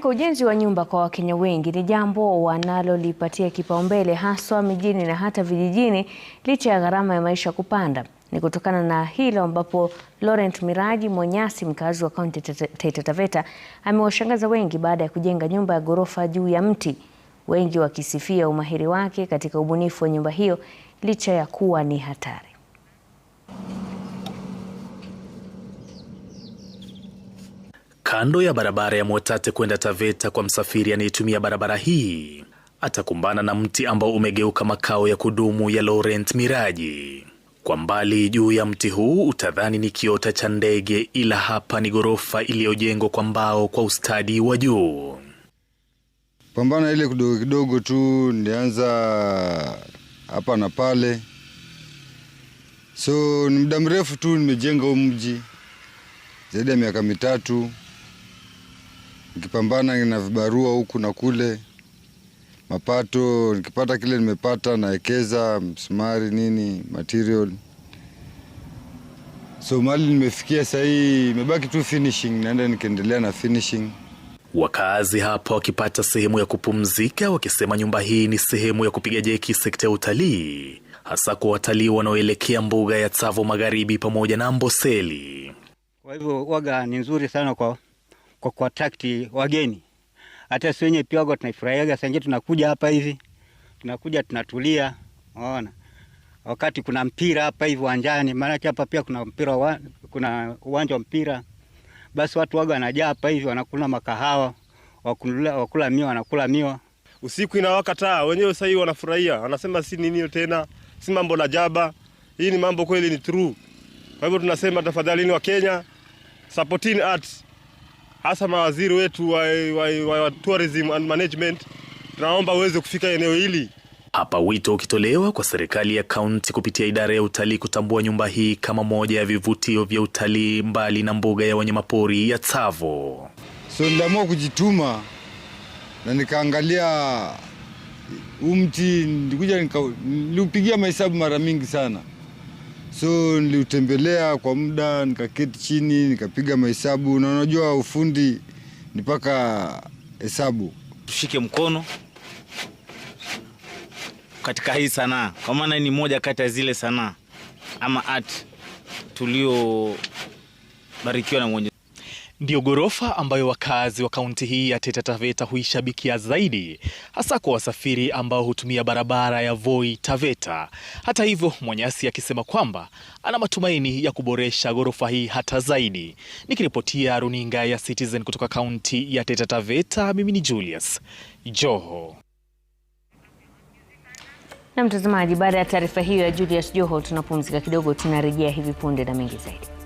Kwa ujenzi wa nyumba kwa Wakenya wengi ni jambo wanalolipatia kipaumbele haswa mijini na hata vijijini licha ya gharama ya maisha kupanda. Ni kutokana na hilo ambapo Laurent Miraji Monyasi, mkazi wa kaunti Taita Taveta, amewashangaza wengi baada ya kujenga nyumba ya ghorofa juu ya mti, wengi wakisifia umahiri wake katika ubunifu wa nyumba hiyo licha ya kuwa ni hatari. kando ya barabara ya Mwatate kwenda Taveta. Kwa msafiri anayetumia barabara hii atakumbana na mti ambao umegeuka makao ya kudumu ya Laurent Miraji. Kwa mbali juu ya mti huu utadhani ni kiota cha ndege, ila hapa ni ghorofa iliyojengwa kwa mbao kwa ustadi wa juu. Pambana ile kidogo kidogo tu, nilianza hapa na pale, so ni muda mrefu tu nimejenga huu mji zaidi ya miaka mitatu nikipambana na vibarua huku na kule, mapato nikipata kile nimepata naekeza msumari nini material. So mali nimefikia sahii, imebaki tu finishing, naenda nikiendelea na finishing. Wakazi hapa wakipata sehemu ya kupumzika, wakisema nyumba hii ni sehemu ya kupiga jeki sekta ya utalii, hasa kwa watalii wanaoelekea mbuga ya Tsavo Magharibi pamoja na Amboseli. Kwa hivyo waga ni nzuri sana kwa kwa kuattract wageni. Hata si wenye pia wako tunaifurahiaga, sangie tunakuja hapa hivi, tunakuja tunatulia, unaona wakati kuna mpira hapa hivi uwanjani, maanake hapa pia kuna mpira wa, kuna uwanja wa mpira. Basi watu waga wanajaa hapa hivi, wanakula makahawa, wakula, wakula miwa, wanakula miwa. Usiku inawaka taa, wenyewe sasa hivi wanafurahia, wanasema si nini tena, si mambo la jaba, hii ni mambo kweli, ni true. Kwa hivyo tunasema tafadhalini wa Kenya, supporting arts hasa mawaziri wetu wa, wa, wa, wa tourism and management, tunaomba uweze kufika eneo hili hapa. Wito ukitolewa kwa serikali ya kaunti kupitia idara ya utalii kutambua nyumba hii kama moja ya vivutio vya utalii mbali na mbuga ya wanyamapori ya Tsavo. So niliamua kujituma na nikaangalia umti, nilikuja niliupigia mahesabu mara mingi sana. So niliutembelea kwa muda, nikaketi chini, nikapiga mahesabu, na unajua ufundi ni mpaka hesabu. Tushike mkono katika hii sanaa, kwa maana ni moja kati ya zile sanaa ama art tuliobarikiwa na Mwenyezi ndiyo ghorofa ambayo wakazi wa kaunti hii ya Taita Taveta huishabikia zaidi, hasa kwa wasafiri ambao hutumia barabara ya Voi Taveta. Hata hivyo, Mwanyasi akisema kwamba ana matumaini ya kuboresha ghorofa hii hata zaidi. Nikiripotia runinga ya Citizen kutoka kaunti ya Taita Taveta, mimi ni Julius Joho. Na mtazamaji, baada ya taarifa hiyo ya Julius Joho, tunapumzika kidogo, tunarejea hivi punde na mengi zaidi.